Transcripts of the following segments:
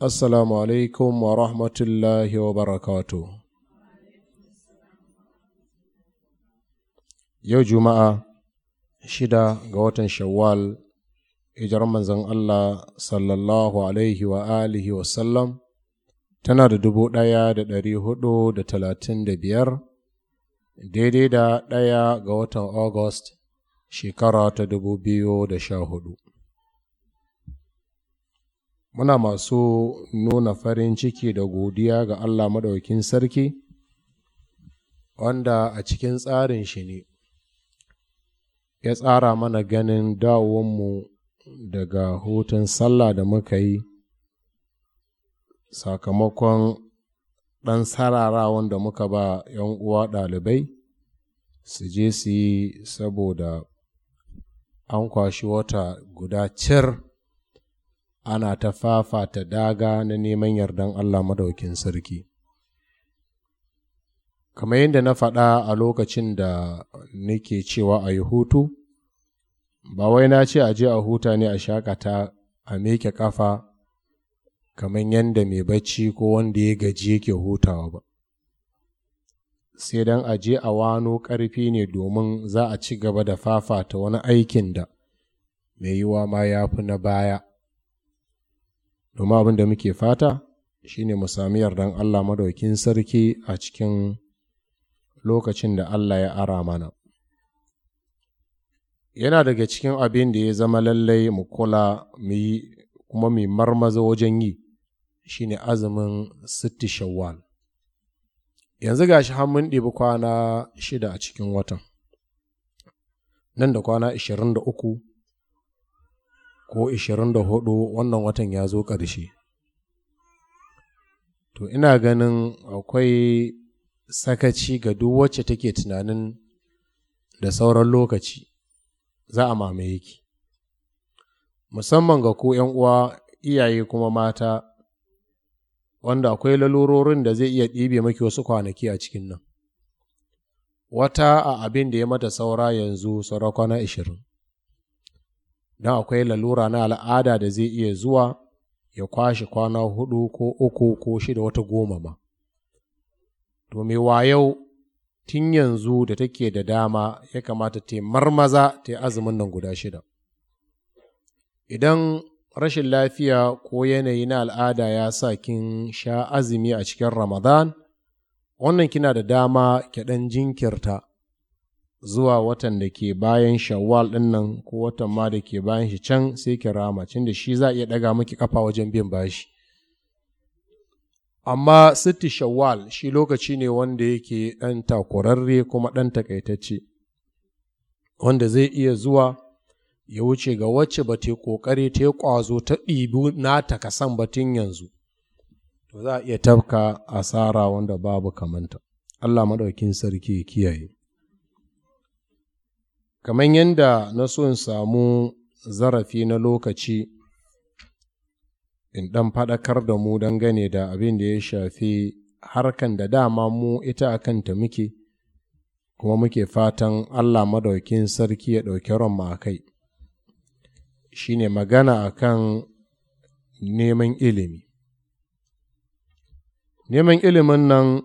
Assalamu alaikum wa rahmatullahi wa barakatu. Yau Juma'a shida ga watan Shawwal, hijirar manzan Allah sallallahu alaihi wa alihi wa tana da dubu ɗaya da ɗari hudu da talatin da biyar, daidai da ɗaya ga watan August shekara ta dubu biyu da sha hudu. muna masu nuna farin ciki da godiya ga Allah maɗaukin sarki wanda a cikin tsarin shi ne ya tsara mana ganin dawowanmu daga hutun sallah da muka yi sakamakon ɗan sararawan da muka ba 'yan uwa ɗalibai su je su yi saboda an kwashi wata guda cir ana ta fafata daga na neman yardan Allah madaukin sarki kamar yadda na faɗa a lokacin da nake cewa a yi hutu ba wai na ce a je a huta ne a shakata a meke kafa kamar yadda mai bacci ko wanda ya gaji yake hutawa ba sai don a je a wano ƙarfi ne domin za a ci gaba da fafata wani aikin da mai yiwa ma ya fi na baya domin abin da muke fata shine mu sami yardan Allah madaukin sarki a cikin lokacin da Allah ya ara mana yana daga cikin abin da ya zama lallai mu kula mu yi kuma mu marmaza wajen yi shine azumin sitti shawwal yanzu gashi har mun ɗibi kwana shida a cikin watan nan da kwana 23 ko 24 wannan watan ya zo ƙarshe to ina ganin akwai sakaci ga duk wacce take tunanin da sauran lokaci za a mamaye ki musamman ga ku uwa iyaye kuma mata wanda akwai lalurorin da zai iya ɗibe maki wasu kwanaki a cikin nan wata a abin da ya mata saura yanzu saura kwana ashirin don akwai lalura na al'ada da zai iya zuwa ya kwashe kwana hudu ko uku ko shida wata goma ma. To me wayau tun yanzu da take da dama ya kamata ta marmaza ta azumin nan guda shida. Idan rashin lafiya ko yanayi na al'ada ya sa kin sha azumi a cikin Ramadan, wannan kina da dama ki ɗan jinkirta zuwa watan da ke bayan shawwal ɗin nan ko watan ma da ke bayan shi can sai ki rama cin da shi za a iya ɗaga maki kafa wajen bin bashi amma sitti shawwal shi lokaci ne wanda yake ɗan takurarre kuma ɗan takaitacce wanda zai iya zuwa ya wuce ga wacce ba ta ƙoƙari ta yi ƙwazo ta ɗibi ta kasan batun yanzu to za a iya tafka asara wanda babu kamanta Allah maɗaukin sarki ya kiyaye kamar yadda na so in samu zarafi na lokaci in ɗan faɗakar da mu gane da abin da ya shafi harkan da dama mu ita a kanta muke kuma muke fatan allah madaukin sarki ya ɗauki ranmu a kai shi ne magana a kan neman ilimi neman ilimin nan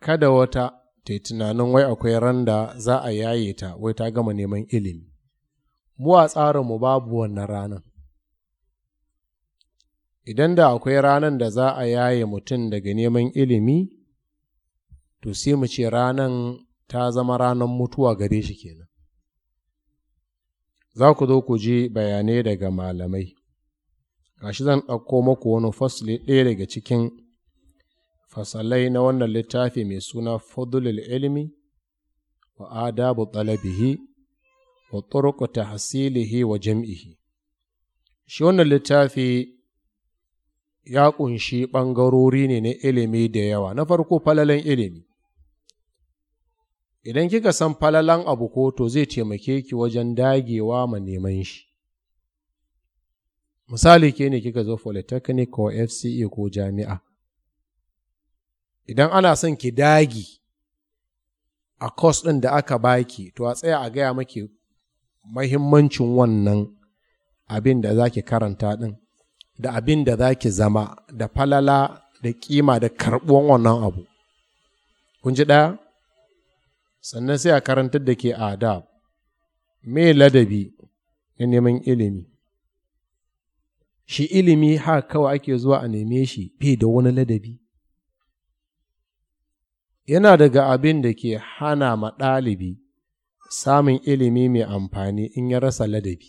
kada wata ta yi tunanin wai akwai da za a yaye ta wai ta gama neman ilimi mu a tsarinmu babu wannan ranar idan da akwai ranar da za a yaye mutum daga neman ilimi to sai mu ce ranar ta zama ranar mutuwa gare shi kenan za ku zo ku ji bayanai daga malamai gashi zan ɗauko maku wani fasli ɗaya daga cikin fasalai na wannan littafi mai suna fadlul ilmi wa adabu talabihi wa turku tahsilihi wa jam'ihi shi wannan littafi ya ƙunshi ɓangarori ne na ilimi da yawa na farko falalan ilimi idan kika san falalan abu ko to zai taimake ki wajen dagewa ma neman shi misali ke ne kika zo polytechnic ko fce ko jami'a idan ana son ki dagi a kwas ɗin da aka baki to a tsaya a gaya maki mahimmancin wannan abin da za ki karanta ɗin da abin da za ki zama da falala da kima da karɓuwan wannan abu kun ji ɗaya sannan sai a karantar da ke adab me ladabi na neman ilimi shi ilimi haka kawai ake zuwa a neme shi fi da wani ladabi yana daga abin da ke hana ma ɗalibi samun ilimi mai amfani in ya rasa ladabi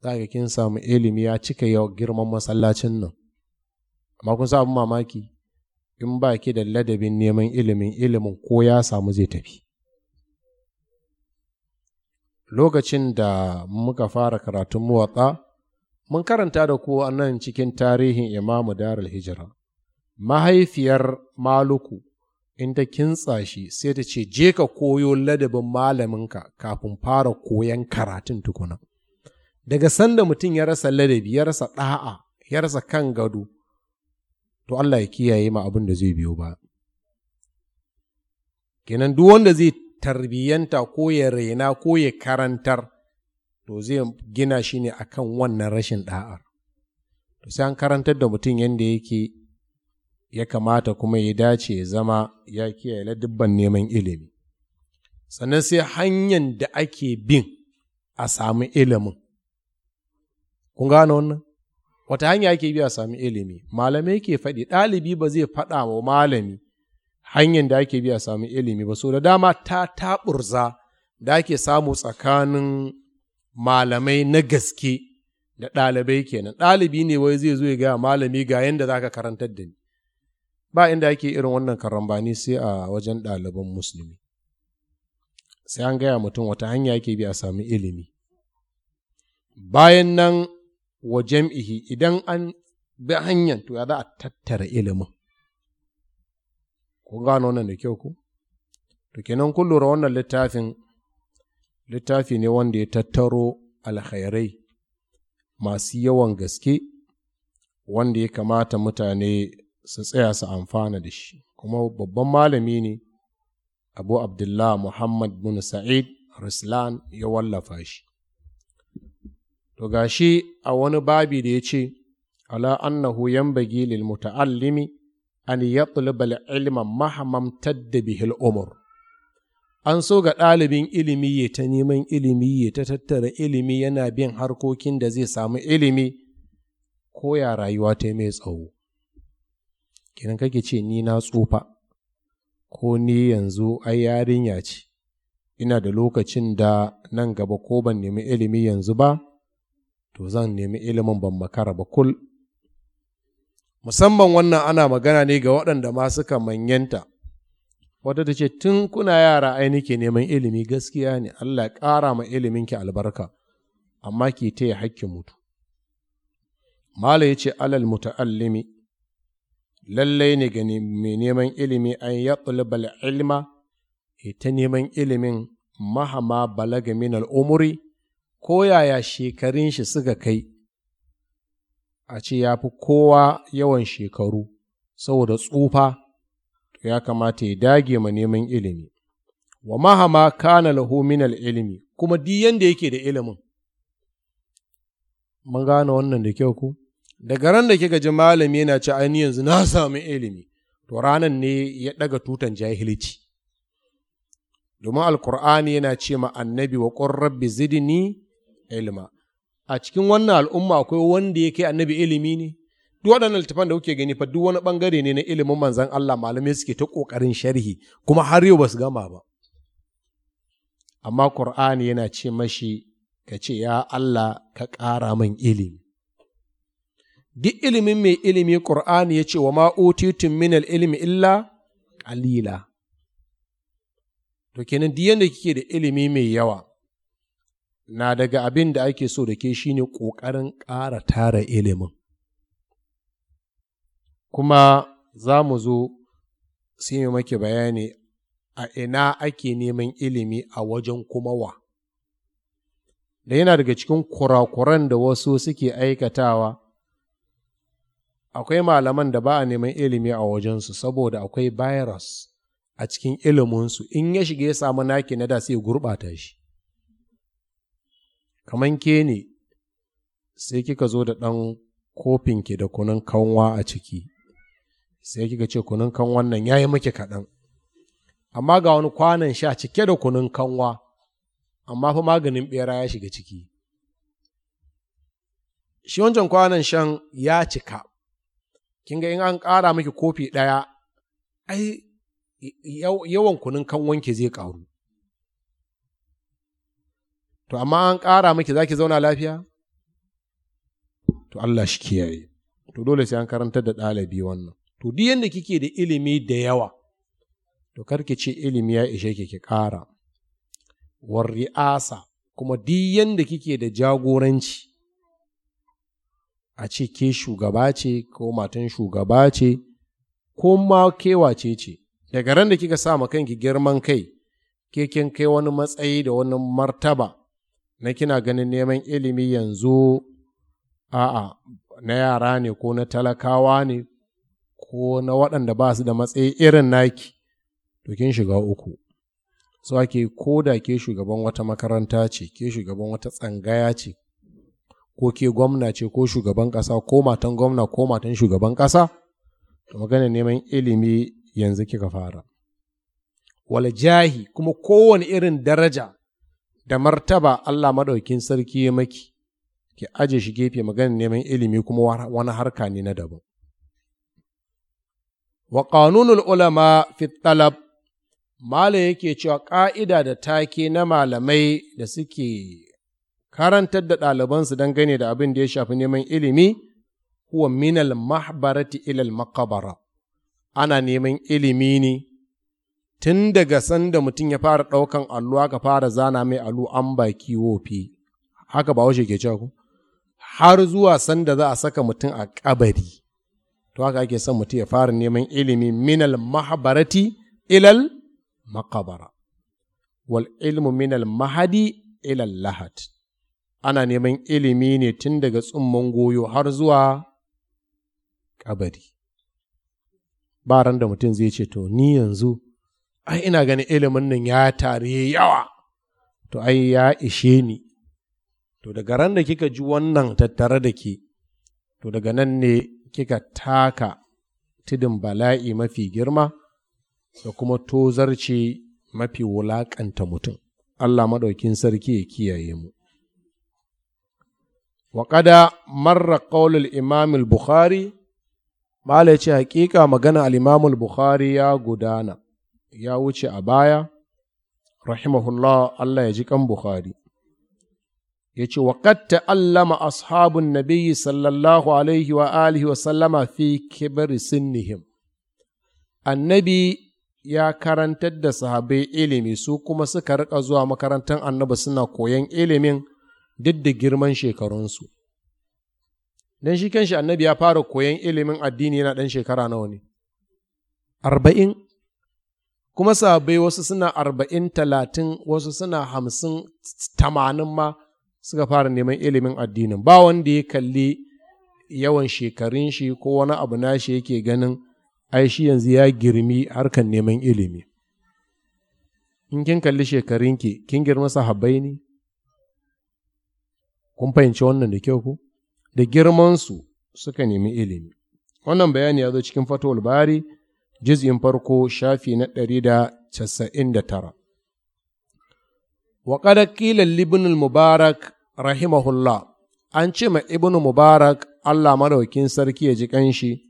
za kin samu ilimi ya cika yau girman masallacin nan amma kun samu mamaki in ba ki da ladabin neman ilimin ilimin ko ya samu zai tafi lokacin da muka fara karatun muwatsa mun karanta da ku nan cikin tarihin imamu darul hijira mahaifiyar maluku in ta kintsa shi sai ta ce je ka koyo ladabin malaminka kafin fara koyon karatun tukuna daga sanda mutum ya rasa ladabi ya rasa ɗa'a ya rasa kan gado to Allah ya kiyaye ma abin da zai biyo ba kenan duk wanda zai tarbiyyanta ko ya raina ko ya karantar to zai gina shi ne akan wannan rashin ɗa'ar to sai an karantar da mutum yadda yake ya kamata kuma ya dace ya zama ya kiyaye na dubban neman ilimi sannan sai hanyar da ake bin a sami ilimin kun gano wannan wata hanya ake bi a sami ilimi malamai ke faɗi ɗalibi ba zai faɗa wa malami hanyar da ake bi a sami ilimi ba so da dama ta taɓurza da ake samu tsakanin malamai na gaske da ɗalibai kenan ɗalibi ne wai zai zo ya gaya malami ga yadda za ka karantar da ni ba inda ake irin wannan karambani sai a wajen ɗaliban musulmi sai an gaya mutum wata hanya yake bi a sami ilimi bayan nan wa jam'ihi idan an bi hanyar to ya za a tattara ilimin ku gano wannan da kyau ku to kenan kun lura wannan littafin littafi ne wanda ya tattaro alkhairai masu yawan gaske wanda ya kamata mutane su tsaya su amfana da shi kuma babban malami ne abu abdullah muhammad bin sa'id Ruslan ya wallafa shi to ga shi a wani babi da ya ce ala annahu yanbaghi lil muta'allimi an yatluba al ilma mahamam bihi al umur an so ga ɗalibin ilimi ya ta neman ilimi ya ta tattara ilimi yana bin harkokin da zai samu ilimi ko ya rayuwa ta mai tsawo kenan kake ce ni na tsufa ko ni yanzu ai yarinya ce ina da lokacin da nan gaba ko ban nemi ilimi yanzu ba to zan nemi ilimin ban makara ba kul musamman wannan ana magana ne ga waɗanda ma suka manyanta wata ta ce tun kuna yara ai nake neman ilimi gaskiya ne Allah ƙara ma iliminki albarka amma ki taya hakkin mutu mala ya ce alal muta'allimi lallai ne ga mai neman ilimi an ya ilima? ilma ita e neman ilimin mahama balaga min al'umuri ko yaya shekarun shi suka kai a ce ya fi kowa yawan shekaru saboda tsufa ya kamata ya dage ma neman ilimi wa mahama kana lahu min ilimi kuma duk yanda yake da ilimin mun gane wannan da kyau ku daga ran da kika ji malami yana ci ni yanzu na sami ilimi to ranan ne ya daga tutan jahilci domin alkur'ani yana ce ma annabi wa qur rabbi zidni ilma a cikin wannan al'umma akwai wanda ya kai annabi ilimi ne duk waɗannan littafan da kuke gani fa duk wani bangare ne na ilimin manzon Allah malamai suke ta kokarin sharhi kuma har yau basu gama ba amma Qur'ani yana ce mashi ka ce ya Allah ka ƙara min ilimi duk ilimin mai ilimi ƙur'ani ya ce wa ma'otitun minal ilimi illa ƙalila to kenan duk yadda kike da ilimi mai yawa na daga abin da ake so da ke shi ne ƙoƙarin ƙara tara ilimin kuma za mu zo sai mai make bayani a ina ake neman ilimi a wajen kuma wa da yana daga cikin kurakuran da wasu suke aikatawa akwai malaman da ba a neman ilimi a wajensu saboda akwai virus a cikin iliminsu in ya shiga ya samu naki na da sai gurɓata shi kaman ke ne sai kika zo da ɗan kofin ki da kunun kanwa a ciki sai kika ce kunun kanwan nan ya yi miki kaɗan amma ga wani kwanan sha cike da kunun kanwa amma fa maganin ɓera ya shiga ciki shi wancan kwanan shan ya cika kin ga in an ƙara miki kofi ɗaya ai yawan kunun kan wanke zai ƙaru to amma an ƙara miki za ki zauna lafiya to Allah shi kiyaye to dole sai an karanta da ɗalibi wannan to duk yadda kike da ilimi da yawa to karki ce ilimi ya ishe ki ki ƙara war ri'asa kuma duk yadda kike da jagoranci a ce ke shugaba ce ko matan shugaba ce ko ma kewace ce daga ran da kika sa ma kanki girman kai ke kin kai wani matsayi da wani martaba na kina ganin neman ilimi yanzu a'a na yara ne ko na talakawa ne ko na waɗanda ba su da matsayi irin naki to kin shiga uku so ake ko da ke shugaban wata makaranta ce ke shugaban wata tsangaya ce ko ke gwamna ce ko shugaban ƙasa ko matan gwamna ko matan shugaban ƙasa to magana neman ilimi yanzu kika fara wal jahi kuma kowane irin daraja da martaba Allah maɗaukin sarki ya maki ki aje shi gefe magana neman ilimi kuma wani harka ne na daban wa qanunul ulama fi talab mala yake cewa ka'ida da take na malamai da suke karantar da ɗalibansu don dangane da abin da ya shafi neman ilimi huwa minal mahbarati ilal makabara ana neman ilimi ne tun daga sanda mutum ya fara ɗaukan allo aka fara zana mai allo an baki wofi haka ba washe ke cewa ku har zuwa sanda za a saka mutum a kabari to haka ake son mutum ya fara neman ilimi minal mahbarati ilal makabara wal ilmu minal mahadi ilal lahadi. ana neman ilimi ne tun daga tsumman goyo har zuwa kabari ba ran da mutum zai ce to ni yanzu ai ina ganin ilimin nan ya tare yawa to ai ya ishe ni to daga ran da kika ji wannan tattare da ke to daga nan ne kika taka tudun bala'i mafi girma da kuma tozarci mafi wulaƙanta mutum Allah maɗaukin sarki ya kiyaye mu وقد مر قول الإمام البخاري ما ليش حقيقة مغنى الإمام البخاري a baya يا وشي أبايا رحمه الله الله يجيك بخاري yace wa ta Allama ashabun nabiyyi sallallahu alaihi wa alihi wa sallama fi kibri sinnihim annabi ya karantar da sahabai ilimi su kuma suka rika zuwa makarantar annabi suna koyan ilimin duk da girman shekarunsu. Don shi kanshi annabi ya fara koyan ilimin addini yana ɗan shekara nawa ne? Arba'in, kuma sabai wasu suna arba'in talatin wasu suna hamsin tamanin ma suka fara neman ilimin addinin ba wanda ya kalli yawan shekarun shi ko wani abu nashi yake ganin aishi yanzu ya girmi harkan neman ilimi in kin kalli shekarunki kin girma sahabbai ne kun fahimci wannan da kyau ku da girman su suka nemi ilimi wannan bayani ya zo cikin fatowar bari jiz'in farko shafi na ɗari da casa'in da tara wa ƙilan libin mubarak rahimahullah an ce ma ibn mubarak allah maraukin sarki ya ji kanshi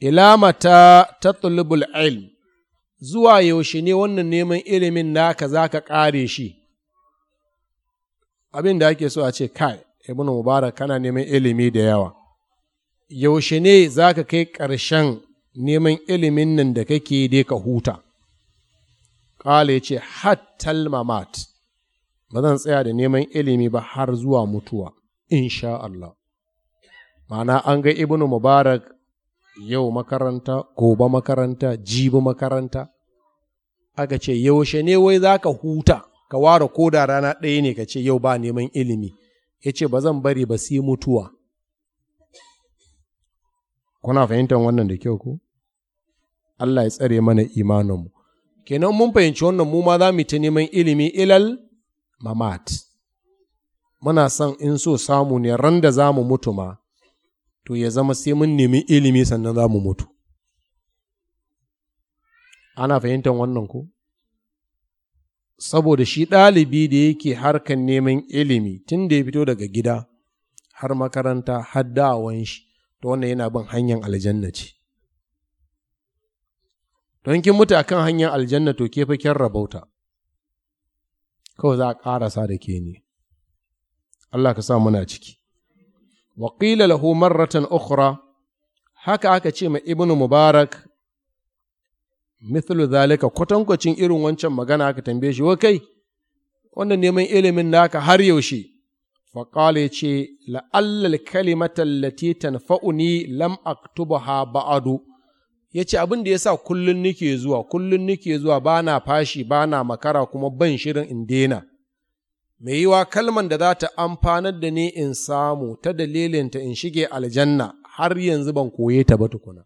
ilamata ta tulubul ilm zuwa yaushe ne wannan neman ilimin naka za ka ƙare shi abin da ake so a ce kai ibn mubarak kana neman ilimi da yawa yaushe ne za ka kai ƙarshen neman ilimin nan da kake dai ka huta ƙala ya ce hattal mamat ba zan tsaya da neman ilimi ba har zuwa mutuwa insha Allah ma'ana an ga ibn mubarak yau makaranta gobe makaranta jibi makaranta aka ce yaushe ne wai za ka huta ka ware ko da rana ɗaya ne ka ce yau ba neman ilimi ya ce ba zan bari ba sai mutuwa kuna fahimtar wannan da kyau ko Allah ya tsare mana imaninmu kenan mun fahimci wannan mu ma za mu ta neman ilimi ilal mamat muna son in so samu ne ran da za mu mutu ma to ya zama sai mun nemi ilimi sannan za mu mutu ana fahimtar wannan ko saboda shi ɗalibi da yake harkan neman ilimi tun da ya fito daga gida har makaranta har dawon shi to wannan yana bin hanyar aljanna ce don kin mutu akan hanyar aljanna to ke fa kyan rabauta kawai za a ƙarasa da ke ne Allah ka sa muna ciki wa ƙila lahu marratan ukhra haka aka ce ma Ibn mubarak mithlu zalika kwatankwacin irin wancan magana aka tambaye shi wa kai wannan neman ilimin naka har yaushe qala yace ce la'allal kalimatan lati tanfa'uni lam aktubaha ba'adu ya abin da yasa kullun nake zuwa kullun nake zuwa bana fashi bana makara kuma ban shirin in daina mai yiwa kalman da za ta amfanar da ni in samu ta dalilinta in shige aljanna har yanzu ban koye ta ba tukuna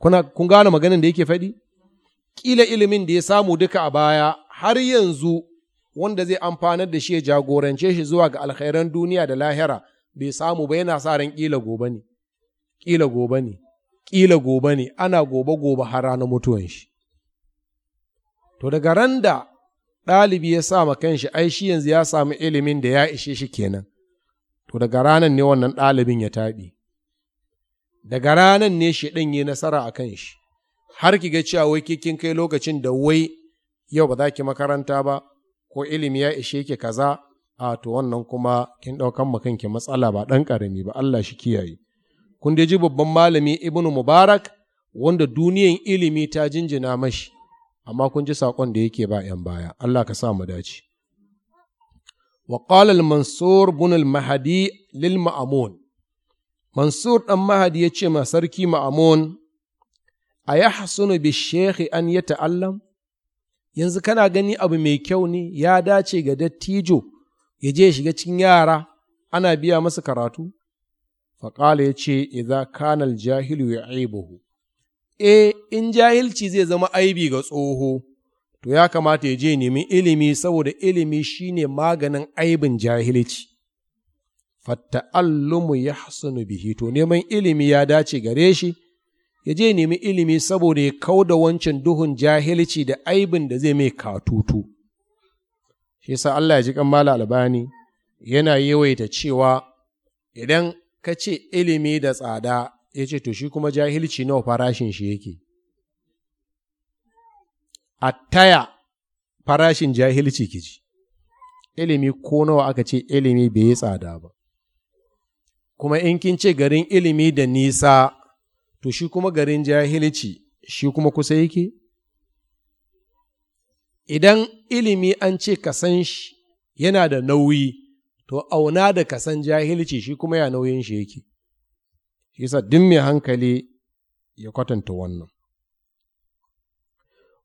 Kuna kun gane maganin da yake faɗi? Ƙila ilimin da ya samu duka a baya har yanzu wanda zai amfanar da shi ya jagorance shi zuwa ga alkhairan duniya da lahira bai samu ba yana sa ran ƙila gobe ne. Ƙila gobe ne. Ƙila gobe ne ana gobe gobe har ranar mutuwan shi. To daga ran da ɗalibi ya sa ma kanshi ai shi yanzu ya samu ilimin da ya ishe shi kenan. To daga ranar ne wannan ɗalibin ya taɓi. daga ranan ne shi shaɗan yi nasara a kan shi har ki ga cewa wai kin kai lokacin da wai yau ba za ki makaranta ba ko ilimi ya ishe ki kaza a to wannan kuma kin ɗaukan ma kanki matsala ba ɗan ƙarami ba Allah shi kiyaye kun dai ji babban malami Ibnu Mubarak wanda duniyan ilimi ta jinjina mashi amma kun ji saƙon da yake ba 'yan baya Allah ka sa mu dace وقال المنصور بن mansur للمأمون lil ma'mun Mansur ɗan Mahadi ya ce ma sarki Ma'amun, A ya hasunu bi shekhi an ya ta'allam, yanzu kana gani abu mai kyau ne ya dace ga dattijo ya je shiga cikin yara ana biya masa karatu? Faƙala ya ce, Iza kanal jahilu ya aibuhu. E, eh, in jahilci zai zama aibi ga tsoho, to ya kamata ya je nemi ilimi saboda ilimi shine maganin aibin jahilci. fatta'allumu ya hasunu bihi to neman ilimi ya dace gare shi ya je nemi ilimi saboda ya kau da wancan duhun jahilci da aibin da zai mai katutu shi yasa Allah ya ji kammala albani yana yawaita cewa idan ka ce ilimi da tsada ya ce to shi kuma jahilci nawa farashin shi yake a taya farashin jahilci ji, ilimi ko nawa aka ce ilimi bai yi tsada ba kuma in kin ce garin ilimi da nisa to shi kuma garin jahilci shi kuma kusa yake idan ilimi an ce ka san shi yana da nauyi to auna da kasan jahilci shi kuma ya nauyin shi yake shi yasa duk mai hankali ya kwatanta wannan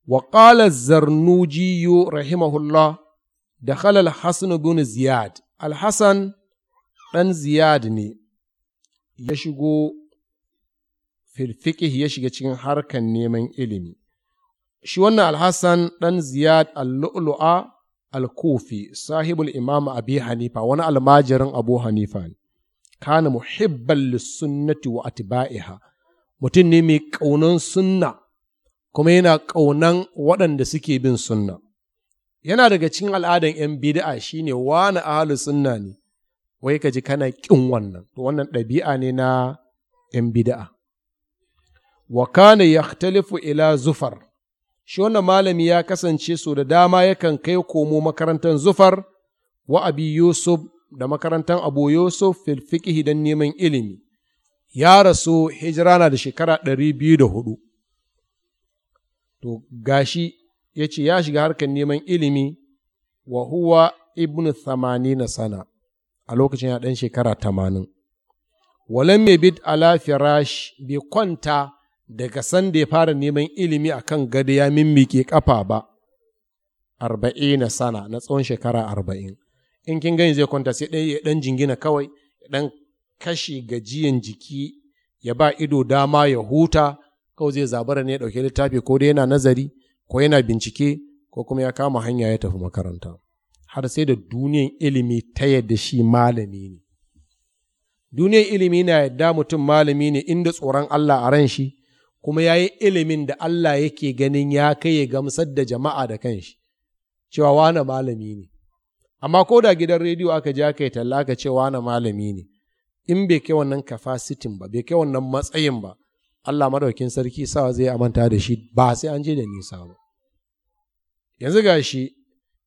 وقال الزرنوجي رحمه الله دخل الحسن بن Ziyad, الحسن ɗan ziyad ne ya shigo filfiƙih ya shiga cikin harkan neman ilimi. Shi wannan Alhassan ɗan Ziyad al-Lu'lu'a al-Kufi, sahibul Imam Abi Hanifa, wani almajirin Abu Hanifa ne. Kana muhibban lissunnati wa atba'iha. Mutum ne mai ƙaunan sunna, kuma yana ƙaunan waɗanda suke bin sunna. Yana daga cikin al'adan ‘yan bida'a shine wani ahalu sunna ne, wai ka ji kana ƙin wannan to wannan ɗabi'a ne na ‘yan bida'a wa kana yahtalifu ila zufar shi wannan malami ya kasance so da dama yakan kai komo makarantar zufar wa abi yusuf da makarantar abu yusuf fil don neman ilimi ya rasu hijira na da shekara ɗari biyu da hudu to gashi ya ce ya shiga harkar neman ilimi wa huwa ibnu na sana a lokacin ya ɗan shekara tamanin. Walam bid ala firash bai kwanta daga sanda ya fara neman ilimi a kan gado ya mimmike ƙafa ba, arba'ina sana na tsawon shekara arba'in. In kin gani zai kwanta sai ɗaya ya ɗan jingina kawai, ya ɗan kashe gajiyan jiki, ya ba ido dama ya huta, kawai zai zabara ne ya ɗauki littafi ko dai yana nazari, ko yana bincike, ko kuma ya kama hanya ya tafi makaranta. har sai da duniyan ilimi ta yadda shi malami ne duniyan ilimi na yadda mutum malami ne inda tsoron Allah a ran shi kuma ya yi ilimin da Allah yake ganin ya kai ya gamsar da jama'a da kan shi cewa wane malami ne amma ko da gidan rediyo aka je aka yi talla aka ce wane malami ne in bai kai wannan kafasitin ba bai kai wannan matsayin ba Allah madaukin sarki sawa zai amanta da shi ba sai an je da nisa ba yanzu ga shi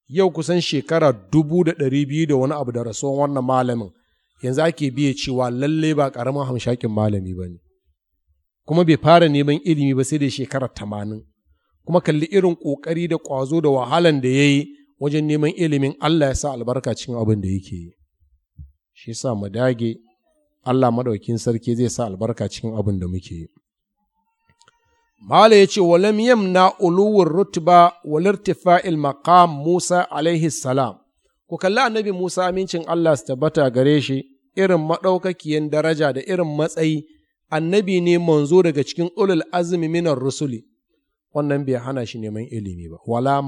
yau kusan shekara dubu da ɗari biyu da wani abu da rasuwan wannan malamin yanzu ake biye cewa lalle ba ƙaramin hamshakin malami ba ne kuma bai fara neman ilimi ba sai da shekara tamanin kuma kalli irin ƙoƙari da ƙwazo da wahalan da ya yi wajen neman ilimin Allah ya sa albarka cikin abin da yake yi shi sa mu dage Allah maɗaukin sarki zai sa albarka cikin abin da muke yi Mala ya ce, walam na uluwar rutuba walirtifa maqam Musa alaihi salam, ku kalli annabi Musa amincin Allah su tabbata gare shi irin maɗaukakiyan daraja da irin matsayi, annabi ne manzo daga cikin ulul azumi minar rusuli, wannan bai hana shi neman ilimi ba, wala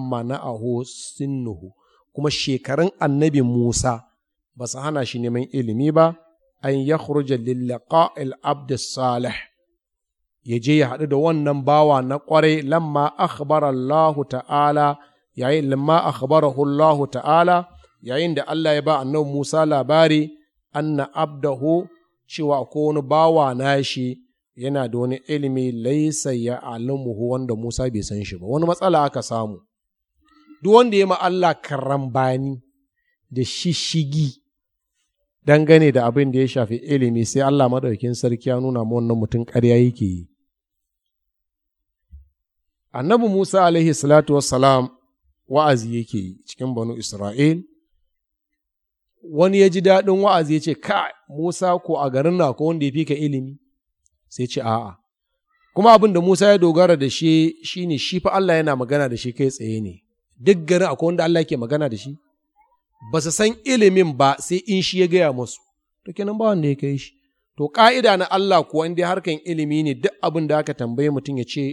aho sinuhu, kuma shekarun annabi Musa ba su hana shi neman ilimi ba, an yakhruja lil laqa'il ya je ya haɗu da wannan bawa na ƙwarai lamma akhbara ta'ala yayin lamma akhbarahu ta'ala yayin da Allah ya ba annabi Musa labari anna abdahu cewa ko wani bawa na shi yana da wani ilimi laisa ya alimuhu wanda Musa bai san shi ba wani matsala aka samu duk wanda ya ma Allah karambani da shishigi dangane da abin da ya shafi ilimi sai Allah maɗaukin sarki ya nuna mu wannan mutum ƙarya yake yi annabi Musa alaihi salatu wassalam wa'azi yake yi cikin banu Isra'il, wani ya ji daɗin wa'azi ya ce, Ka, Musa ko a garin na ko wanda ya fi ka ilimi, sai ce a'a. Kuma abin da Musa ya dogara da shi shi ne shi fa Allah yana magana da shi kai tsaye ne, duk garin akwai wanda Allah ke magana da shi, ba su san ilimin ba sai in shi ya gaya musu, to kenan ba wanda ya kai shi. To ƙa'ida na Allah kuwa in dai harkan ilimi ne duk abin da aka tambaye mutum ya ce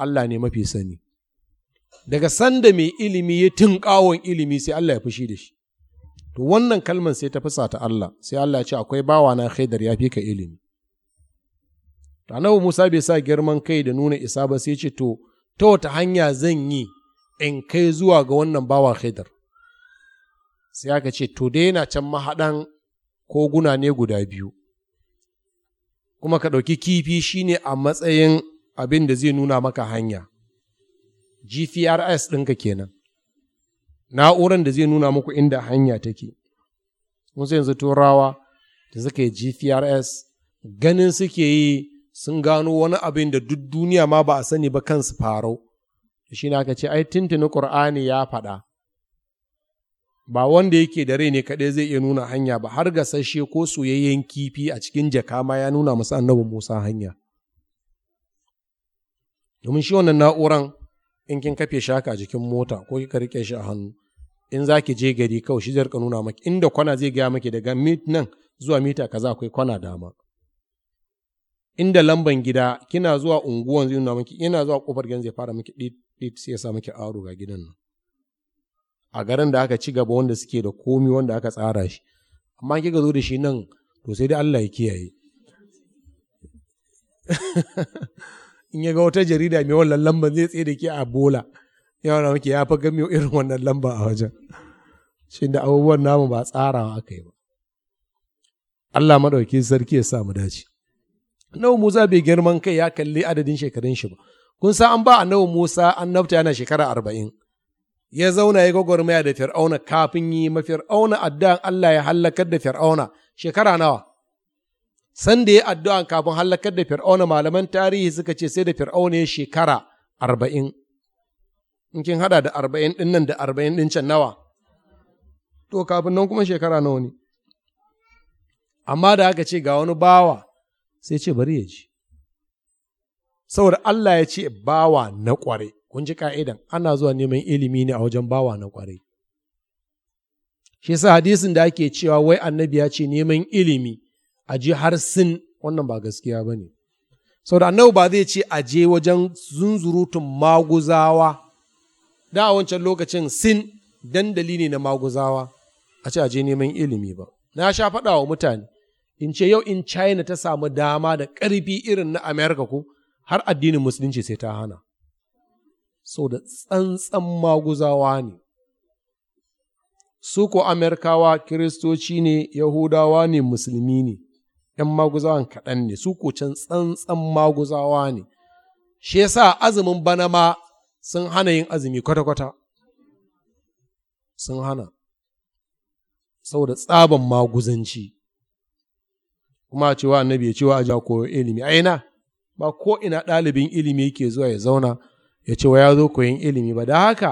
Allah ne mafi sani daga sanda mai ilimi ya ƙawon ilimi sai Allah ya fushi da shi to wannan kalmar sai ta fusa ta Allah sai Allah ya ce akwai bawa na khaidar ya fi ka ilimi to nawa Musa bai sa girman kai da nuna isa ba sai ce to ta wata hanya zan yi in kai zuwa ga wannan bawa haidar? sai aka ce to dai yana can mahaɗan koguna ne guda biyu kuma ka ɗauki kifi shine a matsayin abin da zai nuna maka hanya gprs ɗinka kenan na'uran da zai nuna muku inda hanya take sai yanzu turawa da suka yi gprs ganin suke yi sun gano wani abin da duk duniya ma ba a sani ba kansu farau shi ne aka ce ai tintini ƙur'ani ya faɗa ba wanda yake da rai ne kaɗai zai iya nuna hanya ba har ga sashe ko soyayyen kifi a cikin jaka ma ya nuna musu annabi musa hanya domin shi wannan na'uran in kin kafe shi haka a jikin mota ko kika rike shi a hannu in za ki je gari kawai shi zai nuna maki inda kwana zai gaya maki daga mit nan zuwa mita kaza akwai kwana dama inda lamban gida kina zuwa unguwan zai nuna maki ina zuwa kofar gidan zai fara maki dit sai ya sa maki aro ga gidan nan a garin da aka ci gaba wanda suke da komi wanda aka tsara shi amma kika zo da shi nan to sai dai Allah ya kiyaye in ya ga wata jarida mai wannan lamban zai tsaye da ke a bola ya wani muke ya fi gami irin wannan lamba a wajen shi da abubuwan namu ba tsarawa aka yi ba Allah maɗauki sarki ya samu mu dace Annabi Musa bai girman kai ya kalli adadin shekarun shi ba kun san an ba Annabi Musa annabta yana shekara arba'in ya zauna ya gwagwarmaya da Fir'auna kafin yi ma Fir'auna addan Allah ya hallakar da Fir'auna shekara nawa Sanda ya addu'an kafin hallakar da fir'auna malaman tarihi suka ce sai da fir'auna ya shekara arba'in. In kin hada da arba'in ɗin nan da arba'in ɗin can nawa. To kafin nan kuma shekara nawa ne. Amma da aka ce ga wani bawa sai ce bari ya ji. Saboda Allah ya ce bawa na ƙware. Kun ji ka'idan ana zuwa neman ilimi ne a wajen bawa na ƙware. Shi sa hadisin da ake cewa wai annabi ya ce neman ilimi a je har sin wannan ba gaskiya ba ne da annabi ba zai ce a je wajen zunzurutun maguzawa da a wancan lokacin sin dandali ne na maguzawa a ce a je neman ilimi ba na sha faɗa wa mutane in ce yau in china ta samu dama da ƙarfi irin na Amerika ko har addinin musulunci sai ta hana Sau da tsantsan maguzawa ne su ko amerikawa kiristoci ne yahudawa ne musulmi ne ‘yan maguzawan kaɗan ne, su can tsantsan maguzawa ne, shi sa azumin bana ma sun hana yin azumi kwata-kwata, sun hana, saboda tsaban maguzanci, kuma cewa annabi ya cewa ajiya koyo ilimi, aina, ba ko ina ɗalibin ilimi yake zuwa ya zauna ya ce wa ya zo koyin ilimi ba, da haka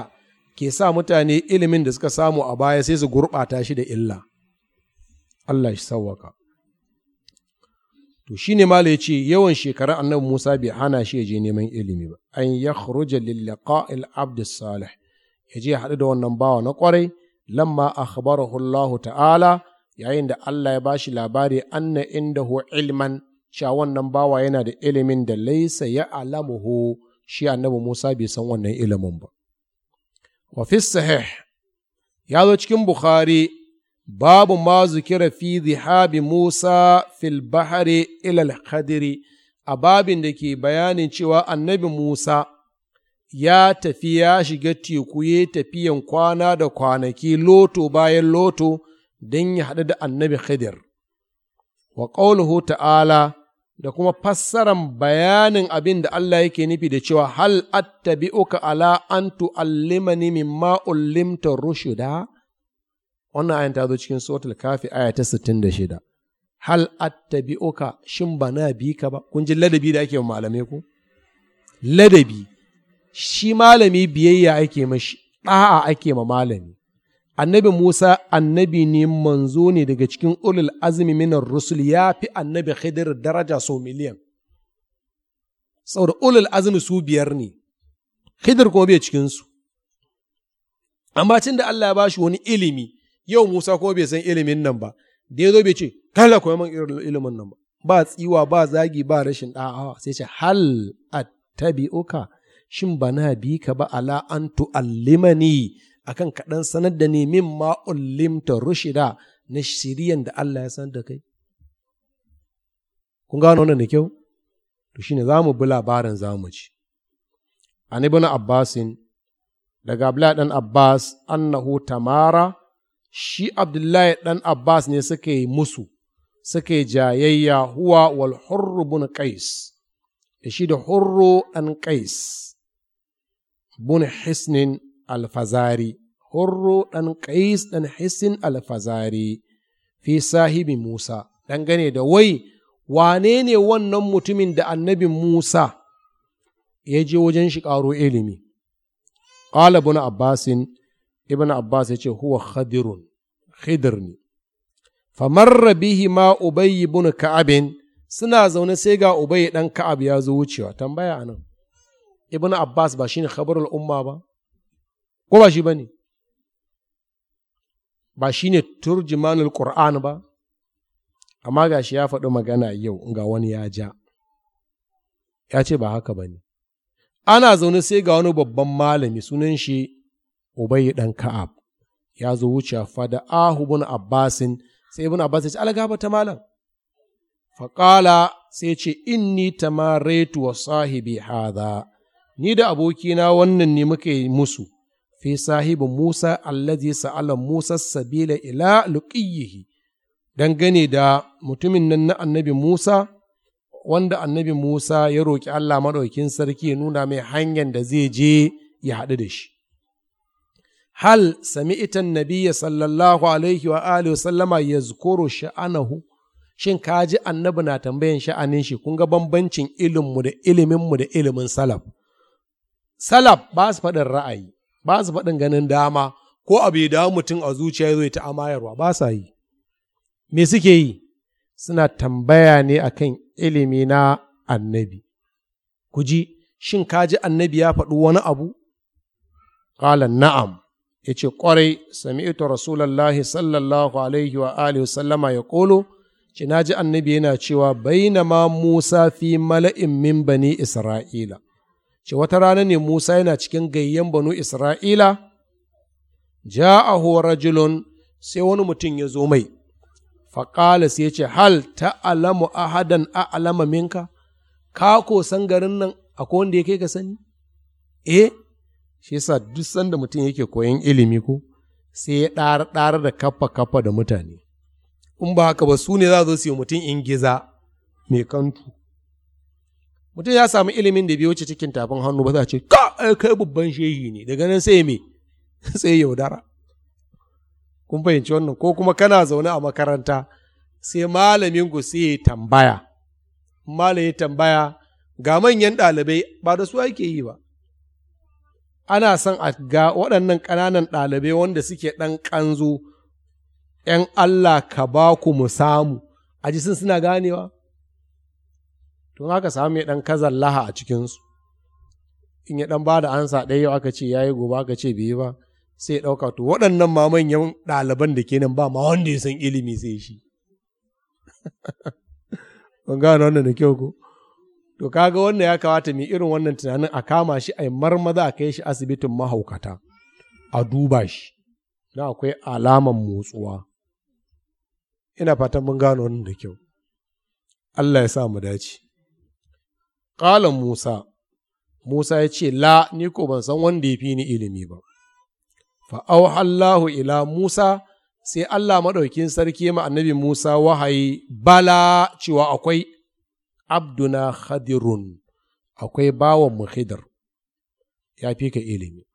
ke sa mutane ilimin da suka samu a baya sai su gurɓata shi da illa. Allah shi sawwaka. to ne ya ce yawan shekarar annabi Musa bai hana shi ya je neman ilimi ba an yakhruja lil liqa'il abd salih ya je haɗu da wannan bawa na kwarai lamma akhbarahu Allah ta'ala yayin da Allah ya bashi labari anna indahu ilman cewa wannan bawa yana da ilimin da laisa ya alamuhu shi annabi Musa bai san wannan ilimin ba. Wa fi sahih ya zo cikin Bukhari babu ma zukira fi zihabi Musa fil bahari ilal khadiri a babin da ke bayanin cewa annabi Musa ya tafi ya shiga teku ya tafiyan kwana da kwanaki loto bayan loto don ya haɗu da annabi Khidir. Wa ƙaunuhu ta'ala da kuma fassaran bayanin abin da Allah yake nufi da cewa hal attabi'uka ala an tu'allimani mimma ullimta wannan ayan ta zo cikin suratul kafi aya ta 66 hal attabi'uka shin ba na bi ka ba kun ji ladabi da ake wa malamai ko ladabi shi malami biyayya ake mashi ɗa'a ake ma malami annabi Musa annabi ne manzo ne daga cikin ulul azumi minar rusul ya fi annabi khidir daraja sau miliyan saboda ulul azumi su biyar ne khidir kuma bai cikinsu amma cin da Allah ya ba shi wani ilimi yau Musa kuma bai san ilimin nan ba da ya zo bai ce kala koyi man ilimin nan ba ba tsiwa ba zagi ba rashin ɗa'a, sai ce hal a attabi'uka shin ba na bi ka ba ala an tu'allimani kan kaɗan sanar da ni min ma ulimta rushida na shiriyan da Allah ya sanar da kai kun gano wannan da kyau to shi ne za mu bi labarin za mu ci an ibn abbasin daga abdullahi ɗan abbas annahu tamara shi Abdullahi ɗan Abbas ne suka yi musu, suka yi jayayya huwa wal hurru bun qais da shi da hurru ɗan qais bun hisnin alfazari, hurru ɗan qais ɗan hisnin alfazari fi sahibi Musa, dangane da wai wane ne wannan mutumin da annabi Musa ya je wajen shi ƙaro ilimi. Ƙala bun Abbasin, ibn abbas ya ce huwa khadirun khidir ne famarra bihi ma ubayy ibn ka'abin suna zaune sai ga ubayy dan ka'ab ya zo wucewa tambaya anan ibn abbas ba shine khabarul umma ba ko ba shi bane ba shine turjimanul qur'an ba amma ga shi ya faɗi magana yau ga wani ya ja ya ce ba haka bane ana zaune sai ga wani babban malami sunan shi Ubay ɗan Ka'ab ya zo wuce fa ahu bin Abbasin sai ibn Abbas ya ce algaba ta malam faƙala sai ce inni tamaraitu wa sahibi hadha ni da abokina wannan ne muke musu fi sahibi Musa allazi sa'ala Musa sabila ila luqiyihi dangane da mutumin nan na annabi Musa wanda annabi Musa ya roki Allah madaukin sarki ya nuna mai hanyar da zai je ya haɗu da shi hal sami'ita nabiyya sallallahu alaihi wa alihi sallama yazkuru sha'anahu shin ka ji annabi na tambayan sha'anin shi kun ga bambancin iliminmu da iliminmu da ilimin salaf salaf ba su faɗin ra'ayi ba su faɗin ganin dama ko abu ya mutum a zuciya zai ta amayarwa ba sa yi me suke yi suna tambaya ne akan ilimi na annabi ku shin ka ji annabi ya faɗi wani abu qala na'am ya ce ƙwarai sami'tu rasulallahi sallallahu alaihi wa alihi sallama ya ƙolo ce na ji annabi yana cewa ma musa fi mala'in min bani isra'ila ce wata rana ne musa yana cikin gayyan banu isra'ila Ja ja'ahu rajulun sai wani mutum ya zo mai faƙala sai ya ce hal ta'alamu ahadan a'lama minka ka ko garin nan akwai wanda ya kai ka sani eh shi yasa duk sanda mutum yake koyon ilimi ko sai ya ɗara ɗara da kafa kafa da mutane in ba haka ba su ne za su yi mutum in giza mai kantu mutum ya samu ilimin da bai wuce cikin tafin hannu ba za ce ka kai babban shehi ne daga nan sai me sai yaudara kun fahimci wannan ko kuma kana zaune a makaranta sai malamin ku sai ya tambaya malamin ya tambaya ga manyan ɗalibai ba da su ake yi ba ana son a ga waɗannan ƙananan ɗalibai wanda suke ɗan ƙanzo ‘yan Allah ka ba ku mu samu a ji sun suna ganewa to haka samu ya ɗan kazan laha a cikinsu in ya ɗan ba da ansa ɗaya yau aka ce ya yi gobe aka ce bai ba sai ya ɗauka to waɗannan ma manyan ɗaliban da kenan ba ma wanda ya san ilimi sai shi. Ban gane wannan da kyau ko? To kaga wannan ya kawata mai irin wannan tunanin a kama shi a marmaza a kai shi asibitin mahaukata a duba shi na akwai alaman motsuwa. Ina fatan mun gano wannan da kyau. Allah ya sa mu dace. Ƙalan Musa, Musa ya ce, La, ni ko ban san wanda ya fi ni ilimi ba. Allahu ila Musa, sai Allah maɗaukin sarki ma annabi Musa wahayi bala cewa akwai abduna khadirun akwai bawanmu khidr ya fi ka ilimi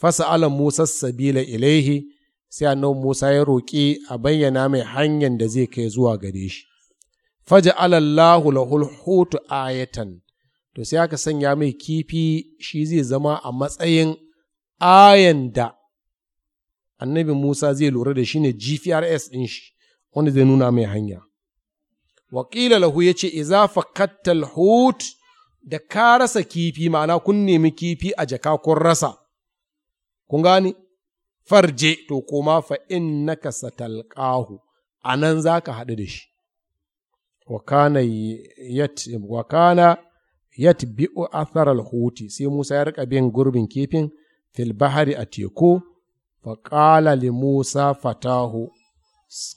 fasa'ala musa sabila ilaihi sai annabi musa ya roƙi a bayyana mai hanyar da zai kai zuwa gare shi faja alallahu lahul hutu ayatan to sai aka sanya mai kifi shi zai zama a matsayin ayan da annabi musa zai lura da shi ne gprs din shi wanda zai nuna mai hanya waƙila lahu ya ce, Iza fakattal hut da ka rasa kifi, ma'ana kun nemi kifi a jaka kun rasa, kun gani? Farje, to koma fa in naka satalƙahu, a nan za ka haɗu da shi. Wakana yat, wakana bi'u atharal huti, sai Musa ya rika bin gurbin kifin fil a teku, faƙala li Musa fatahu.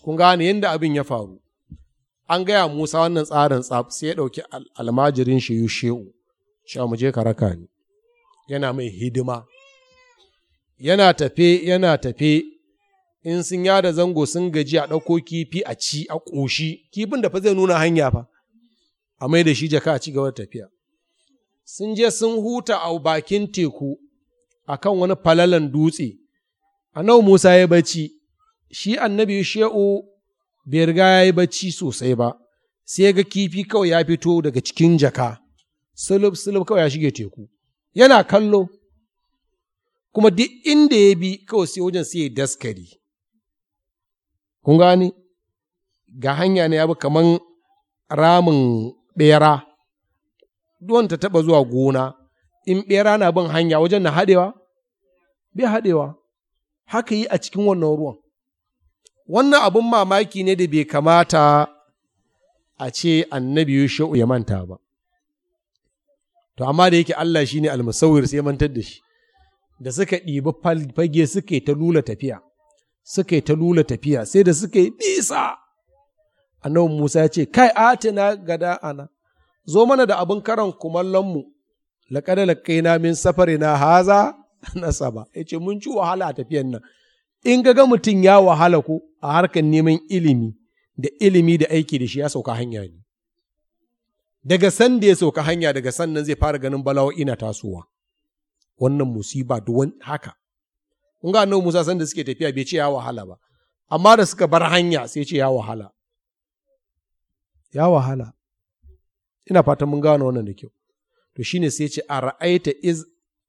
Kun gane yadda abin ya faru. an gaya Musa wannan tsarin tsaf sai ya ɗauki almajirin shi Yushe'u, cewa mu je ka raka yana mai hidima. Yana tafe, yana tafe, in sun yada zango sun gaji a ɗauko kifi a ci a ƙoshi, kifin da fa zai nuna hanya fa, a mai da shi jaka a ci gaba da tafiya. Sun je sun huta a bakin teku a kan wani falalan dutse, a nau Musa ya bacci, shi annabi Yushe'u bai riga ya yi bacci sosai ba sai ga kifi kawai ya fito daga cikin jaka sulub sulub kawai ya shige teku yana kallo kuma duk inda ya bi kawai sai wajen sai daskari kun gani ga hanya ne ya bi kaman ramin bera don ta taba zuwa gona in bera na bin hanya wajen na hadewa bai hadewa haka yi a cikin wannan ruwan wannan abin mamaki ne da bai kamata a ce annabi Yusha'u ya manta ba. To, amma da yake Allah shi ne almusawir sai mantar da shi, da suka ɗiba fage suka ta lula tafiya, suka ta lula tafiya sai da suka yi nisa. Annabin Musa ya ce, Kai, atina gada ana, zo mana da abin karan kumallonmu, laƙada laƙaina min safari na haza na saba, ya ce, Mun ci wahala a tafiyan nan, in ga mutum ya wahala ko, a harkar neman ilimi da ilimi da aiki da shi ya sauka hanya ne daga san da ya sauka hanya daga sannan zai fara ganin bala'o'i na tasowa wannan musiba duwan haka in ga annabi Musa san suke tafiya bai ce ya wahala ba amma da suka bar hanya sai ce ya wahala ya wahala ina fatan mun gano wannan da kyau to shine sai ce a ra'aita iz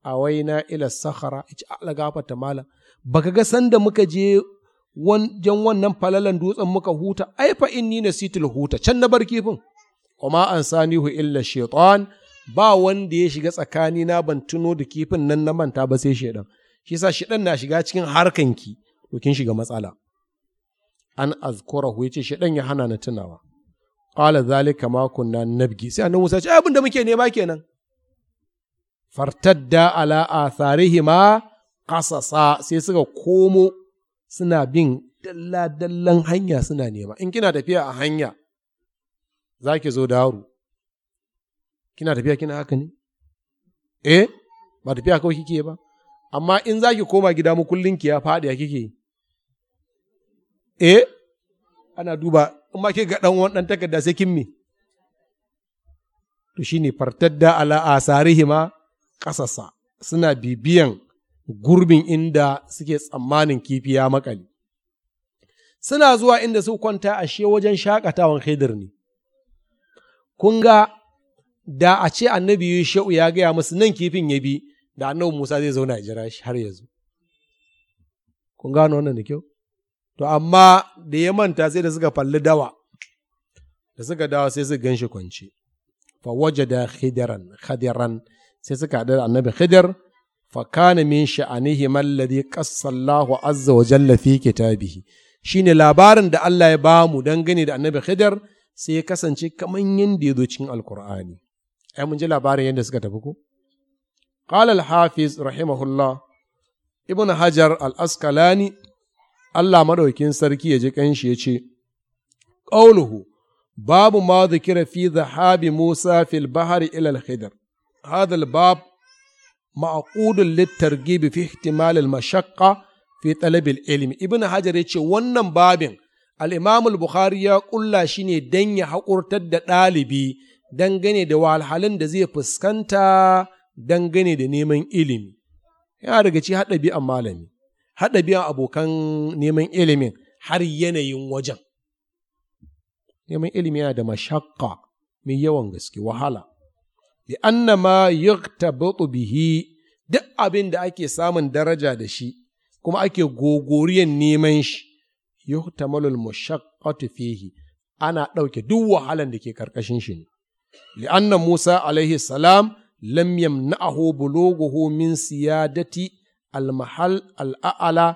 a waina ila sahara ice ala ta malam baka ga sanda muka je wajen wannan falalan dutsen muka huta ai fa inni situl huta can na bar kifin kuma an sani hu illa shaitan ba wanda ya shiga tsakani na ban tuno da kifin nan na manta ba sai shaidan shi sa shaidan na shiga cikin harkan ki to kin shiga matsala an hu yace shaidan ya hana na tunawa qala zalika ma kunna nabgi sai annabi Musa ce abin da muke ne nema kenan fartadda ala atharihima qasasa sai suka komo suna bin dalla-dallan hanya suna nema in kina tafiya a hanya za ki zo daru kina tafiya kina haka ne eh ba tafiya kawai kike ba amma in za ki koma gida mu kullum ki ya faɗi kike eh ana duba in ma ke ga dan wannan takarda sai kin me to shine fartadda ala asarihima kasasa suna bibiyan gurbin inda suke tsammanin kifi ya makale. Suna zuwa inda su kwanta ashe wajen shakatawan Khidir ne. Kun ga da a ce annabi Yusha'u ya gaya musu nan kifin ya bi da annabi Musa zai zauna ya jira shi har yanzu. Kun gano wannan da kyau? To amma da ya manta sai da suka falli dawa, da suka dawa sai su gan shi kwance. Fa waje da khidiran, khidiran sai suka haɗu annabi khidir fakana min sha'anihi mallazi qassallahu azza wa jalla fi kitabihi shine labarin da Allah ya bamu dangane da annabi Khidr sai ya kasance kaman yanda ya zo cikin alkur'ani ai mun ji labarin yadda suka tafi ko qala al-hafiz rahimahullah ibnu hajar al-asqalani Allah madaukin sarki ya ji kanshi ya ce qawluhu babu ma dhikra fi dhahabi musa fil bahri ila al-khidr hadha al-bab ma'aqudun littargibi fi ihtimal mashakka mashaqqa fi talab ilimi. ibnu ibn ya ce wannan babin al bukhari ya kulla shi ne dan ya hakurtar da ɗalibi dangane da wahalhalun da zai fuskanta dangane da neman ilimi yana daga ci haɗa biyan malami haɗa biyan abokan neman ilimin har yanayin wajen neman ilimi yana da mashakka mai yawan gaske wahala li anna ma yuktabatu bihi duk abin da ake samun daraja da shi kuma ake gogoriyan neman shi yuhtamalul mushaqqatu fihi ana ɗauke duk wahalan da ke karkashin shi ne li'anna Musa alaihi salam lam yamna'ahu bulughuhu min siyadati almahal al'a'ala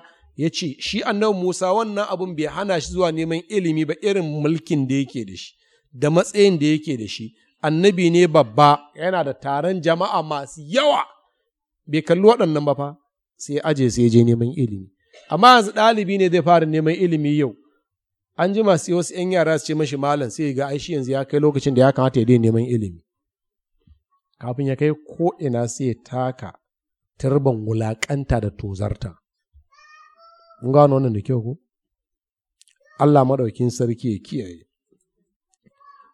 ya ce shi annabi Musa wannan abun bai hana shi zuwa neman ilimi ba irin mulkin da yake da shi da matsayin da yake da shi annabi ne babba yana da taron jama'a masu yawa bai kalli waɗannan ba fa sai aje sai je neman ilimi amma yanzu ɗalibi ne zai fara neman ilimi yau an ji masu yi wasu ‘yan yara su ce mashi malam sai ga aishi yanzu ya kai lokacin da ya kamata ya neman ilimi kafin ya kai ko ina sai ya taka turban wulaƙanta da tozarta mun gano wannan da kyau ko Allah maɗaukin sarki ya kiyaye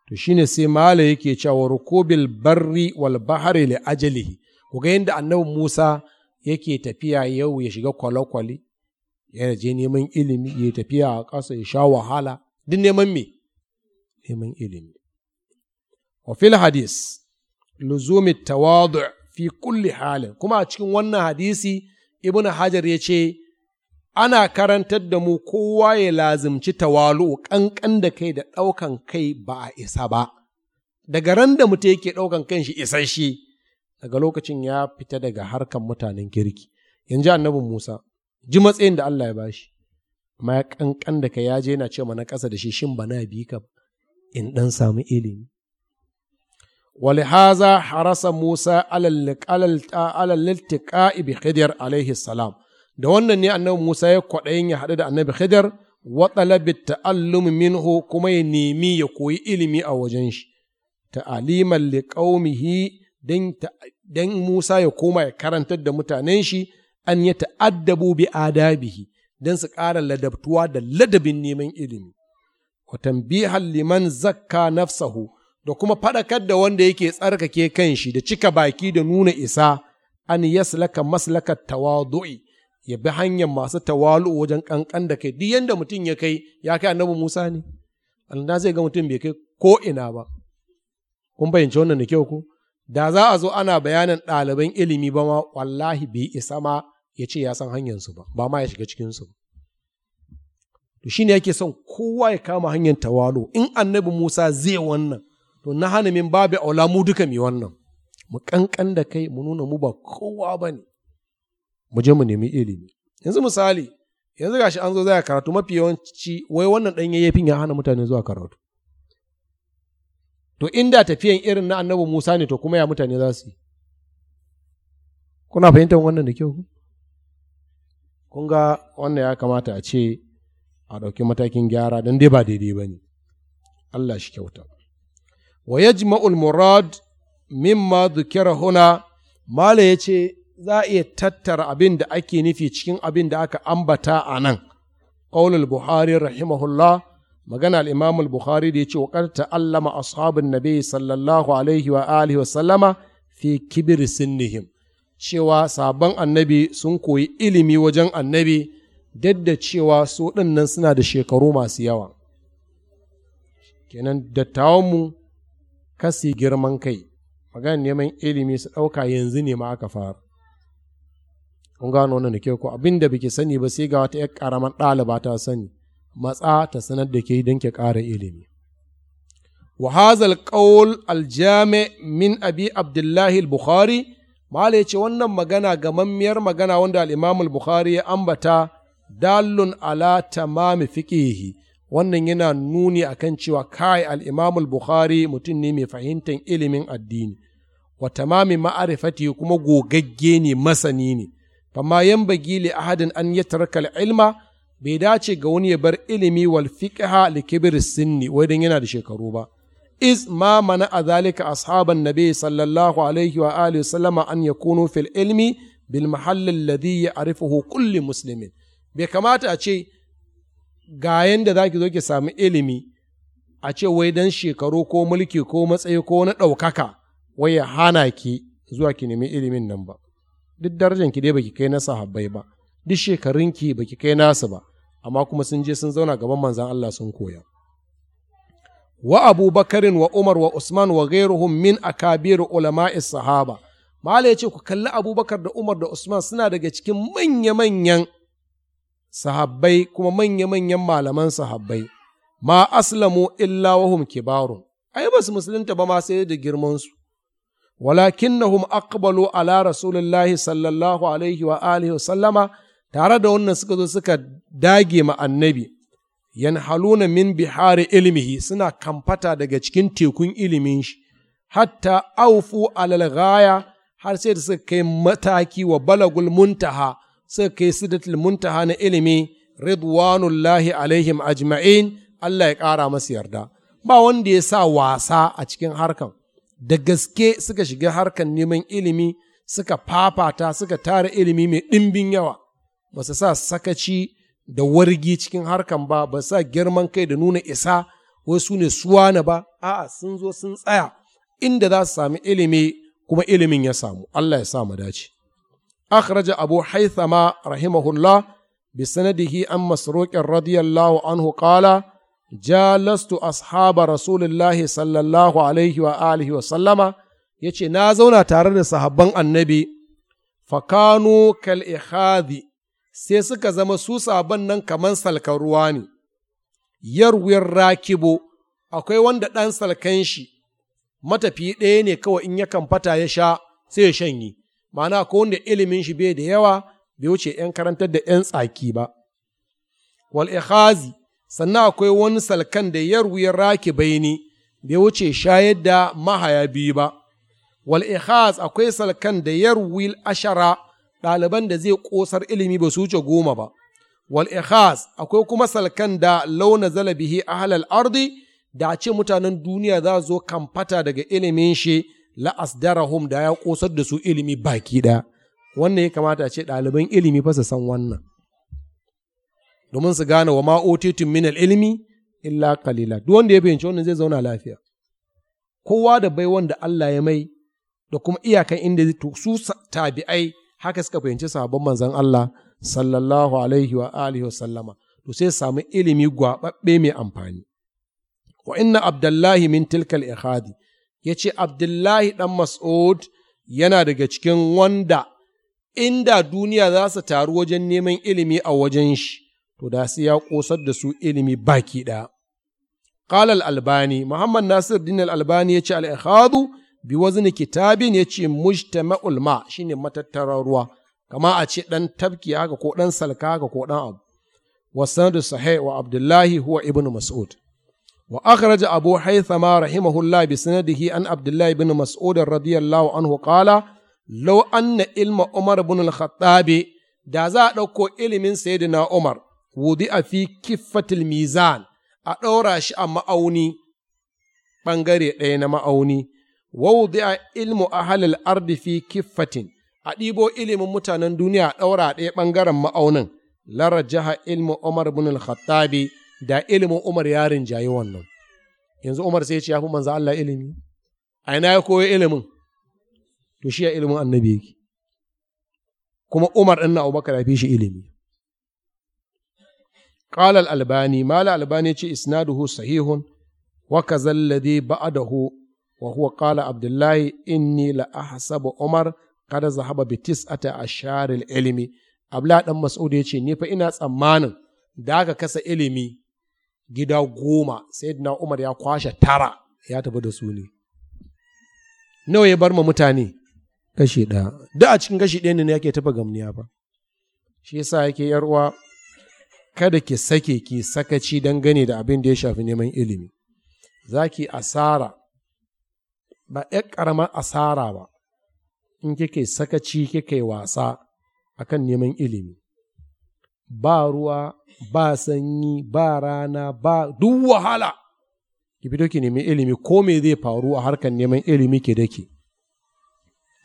to shine sai mala yake cewa rukubil barri wal bahri li ajalihi ku ga yadda annabi Musa yake tafiya yau ya shiga kwale yana je neman ilimi ya tafiya a ƙasa ya sha wahala duk neman me neman ilimi wa fil hadis luzumi tawadu fi kulli halin kuma a cikin wannan hadisi ibnu hajar ya ce ana karantar da mu kowa ya lazimci tawalu ƙanƙan da kai da ɗaukan kai ba a isa ba. Daga ran da mutum yake ɗaukan kan shi isasshe, daga lokacin ya fita daga harkan mutanen kirki. Yanzu annabin Musa, ji matsayin da Allah ya bashi, amma ya ƙanƙan da kai ya je yana ce mana ƙasa da shi shin bana bi ka in ɗan samu ilimi. ولهذا حرص موسى على الالتقاء بخدر عليه السلام da wannan ne annabi Musa ya kwaɗayin ya haɗu da annabi Khidir wa ɗalabi ta'allum minhu kuma ya nemi ya koyi ilimi a wajen shi ta'aliman liqaumihi dan Musa ya koma ya karantar da mutanen shi an yi ta'addabu bi adabihi don su ƙara ladabtuwa da ladabin neman ilimi wa tanbihan liman zakka nafsahu da kuma faɗakar da wanda yake tsarkake kan shi da cika baki da nuna isa an yaslaka maslakar tawadu'i ya bi hanyar masu tawalu wajen kankan da kai duk yadda mutum ya kai ya kai annabi Musa ne Allah zai ga mutum bai kai ko ina ba kun bayyance wannan da kyau ko da za a zo ana bayanin ɗaliban ilimi ba ma wallahi bai isa ma ya ce ya san su ba ba ma ya shiga cikinsu ba to shine yake son kowa ya kama hanyar tawalu? in annabi Musa zai wannan to na hana min babu aula mu duka mi wannan mu kankan da kai mu nuna mu ba kowa bane mu je mu nemi ilimi yanzu misali yanzu gashi an zo zai karatu mafi yawanci wai wannan ɗan yayyafin ya hana mutane zuwa karatu to inda tafiyan irin na annabi Musa ne to kuma ya mutane za su yi kuna fahimtar wannan da kyau kun ga wannan ya kamata a ce a ɗauki matakin gyara don dai ba daidai ba ne Allah shi kyauta wa yajma'ul murad mimma dhukira huna mala yace za a iya tattara abin da ake nufi cikin abin da aka ambata a nan Ƙaunar buhari rahimahullah magana al’imamul Buhari da ya ce yace wa qad ta'allama ashabun nabi sallallahu alaihi wa alihi wa sallama fi kibir sinnihim cewa sabon annabi sun koyi ilimi wajen annabi da cewa su ɗinnan suna da shekaru masu yawa kenan dattawanmu kasi girman kai magana neman ilimi su ɗauka yanzu ne ma aka fara kun gano wannan da ke ko abin da biki sani ba sai ga wata yar karaman ɗaliba ta sani matsa ta sanar da ke don ki ƙara ilimi wa hazal qawl al min abi abdullahi al bukhari mala ce wannan magana ga gamammiyar magana wanda al imam bukhari ya ambata dallun ala tamami fiqihi wannan yana nuni akan cewa kai al bukhari mutum ne mai fahimtar ilimin addini wa tamami ma'arifati kuma gogagge ne masani ne kama yan bagi li ahadin an yatarkal ilma bai dace ga wani ya bar ilimi wal fiqha li kibir sinni wai dan yana da shekaru ba iz ma mana azalika ashaban nabi sallallahu alaihi wa sallama an yakunu fil ilmi bil mahall alladhi kulli musulmin bai kamata a ce ga yanda zaki zo ki sami ilimi a ce wai dan shekaru ko mulki ko matsayi ko na ɗaukaka wai ya hana ki zuwa ki nemi ilimin nan ba duk darajan ki dai baki kai na sahabbai ba duk shekarun ki baki kai nasu ba amma kuma sun je sun zauna gaban manzan Allah sun koya wa Abu Bakarin wa Umar wa Usman wa ghairuhum min akabir ulama'is sahaba malai ya ce ku kalli Abubakar da Umar da Usman suna daga cikin manya-manyan sahabbai kuma manya-manyan malaman sahabbai ma aslamu illa wahum kibarun ai ba su musulunta ba ma sai da girmansu walakinnahum aqbalu ala rasulillahi sallallahu alaihi wa alihi wa sallama tare da wannan suka zo suka dage ma annabi yanhaluna min bihari ilmihi suna kamfata daga cikin tekun ilimin shi hatta aufu alal ghaya har sai da suka kai mataki wa balagul muntaha suka kai sidatul muntaha na ilimi ridwanullahi alaihim ajma'in Allah ya ƙara masu yarda ba wanda ya sa wasa a cikin harkan da gaske suka shiga harkar neman ilimi suka fafata suka tara ilimi mai ɗimbin yawa ba su sa sakaci da wargi cikin harkan ba ba sa girman kai da nuna isa wai su ne suwana ba a'a sun zo sun tsaya inda za su sami ilimi kuma ilimin ya samu Allah ya sa mu dace akhraja abu haythama rahimahullah bi sanadihi an masruqin radiyallahu anhu qala jalastu ashaba rasulullahi sallallahu alaihi wa alihi wa sallama ya ce na zauna tare da sahabban annabi fakanu kal ikhadi sai suka zama su sabon nan kamar salkan ruwa ne yarwin rakibo akwai wanda ɗan salkan shi matafi ɗaya ne kawai in ya kamfata ya sha sai ya shanye ma'ana ko wanda ilimin shi bai da yawa bai wuce ‘yan karantar da ‘yan tsaki ba wal ikhazi sannan akwai wani salkan da ruwa raki baini bai wuce shayar da mahaya biyu ba wal ikhas akwai salkan da ruwa ashara ɗaliban da zai ƙosar ilimi ba su wuce goma ba wal ikhas akwai kuma salkan da launa zalabihi ahlal ardi da a ce mutanen duniya za zo kamfata daga ilimin shi la asdarahum da ya ƙosar da su ilimi baki ɗaya wannan ya kamata a ce ɗaliban ilimi fa su san wannan domin su gane wa ma'otitin minal ilimi illa kalila duk wanda ya fahimci wannan zai zauna lafiya kowa da bai wanda Allah ya mai da kuma iyakan inda su tabi'ai haka suka fahimci sabon manzon Allah sallallahu alaihi wa alihi wa sallama to sai samu ilimi gwababbe mai amfani wa inna abdullahi min tilkal ikhadi yace abdullahi dan mas'ud yana daga cikin wanda inda duniya za su taru wajen neman ilimi a wajen shi to da sai ya ƙosar da su ilimi baki ɗaya. Qala al-Albani Muhammad Nasir Din al-Albani yace al-ikhadu bi wazni kitabin yace mujtama'ul ma shine matattarar ruwa kama a ce dan tafki haka ko dan salka haka ko dan abu wa sanadu sahih wa Abdullahi huwa ibn Mas'ud wa akhraja Abu Haythama rahimahullah bi sanadihi an Abdullahi ibn Mas'ud radiyallahu anhu qala law anna ilma Umar ibn al-Khattab da za a ɗauko ilimin sayyidina Umar wudi'a fi kiffatil mizan a ɗaura shi a ma'auni ɓangare ɗaya na ma'auni wa wudi'a ilmu a ahalil ardi fi kiffatin a ɗibo ilimin mutanen duniya a ɗaura a ɗaya ɓangaren ma'aunin larajaha ilmu umar bin al-khattabi da ilimin umar yarin jayi wannan yanzu umar sai ce ya fi manzo Allah ilimi a ina ya koyi ilimin to shi ya ilimin annabi yake kuma umar ɗin na abubakar ya fi shi ilimi qala albani Malam albani ce isnaduhu sahihun wa kaza alladhi ba'dahu wa huwa qala abdullahi inni la ahsabu umar kada zahaba ata tis'ata ashar al-ilmi abla dan mas'ud yace ni fa ina tsammanin da aka kasa ilimi gida goma sayyidina umar ya kwashe tara ya tafi da su ne nawa ya bar ma mutane kashi ɗaya da cikin gashi ɗaya ne yake tafa gamniya ba shi yasa yake yar uwa kada ki sake ki sakaci dangane da abin da ya shafi neman ilimi za ki asara ba ‘yar ƙaramar asara ba in kika sakaci yi wasa a kan neman ilimi ba ruwa ba sanyi ba rana ba duk wahala ki fito ki nemi ilimi ko me zai faru a harkar neman ilimi ke dake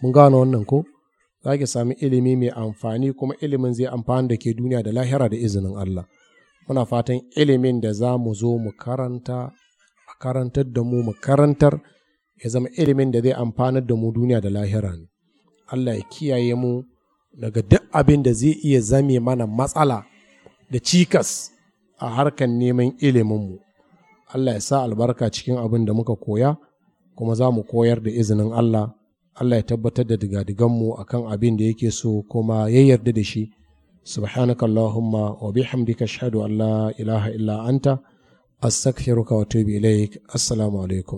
mun gano wannan ko za ki sami ilimi mai amfani kuma ilimin zai amfani da ke duniya da lahira da izinin Allah muna fatan ilimin da za mu zo mu karanta a karantar da mu mu karantar ya zama ilimin da zai amfanar da mu duniya da lahira ne Allah ya kiyaye mu daga duk abin da zai iya zame mana matsala da cikas a harkar neman iliminmu Allah ya sa albarka cikin abin da muka koya kuma za mu koyar da izinin Allah Allah ya tabbatar da digadiganmu akan abin da yake so kuma ya yarda da shi subhanakallahumma wa bihamdika ashhadu an la ilaha illa anta astaghfiruka wa atubu ilaik assalamu alaikum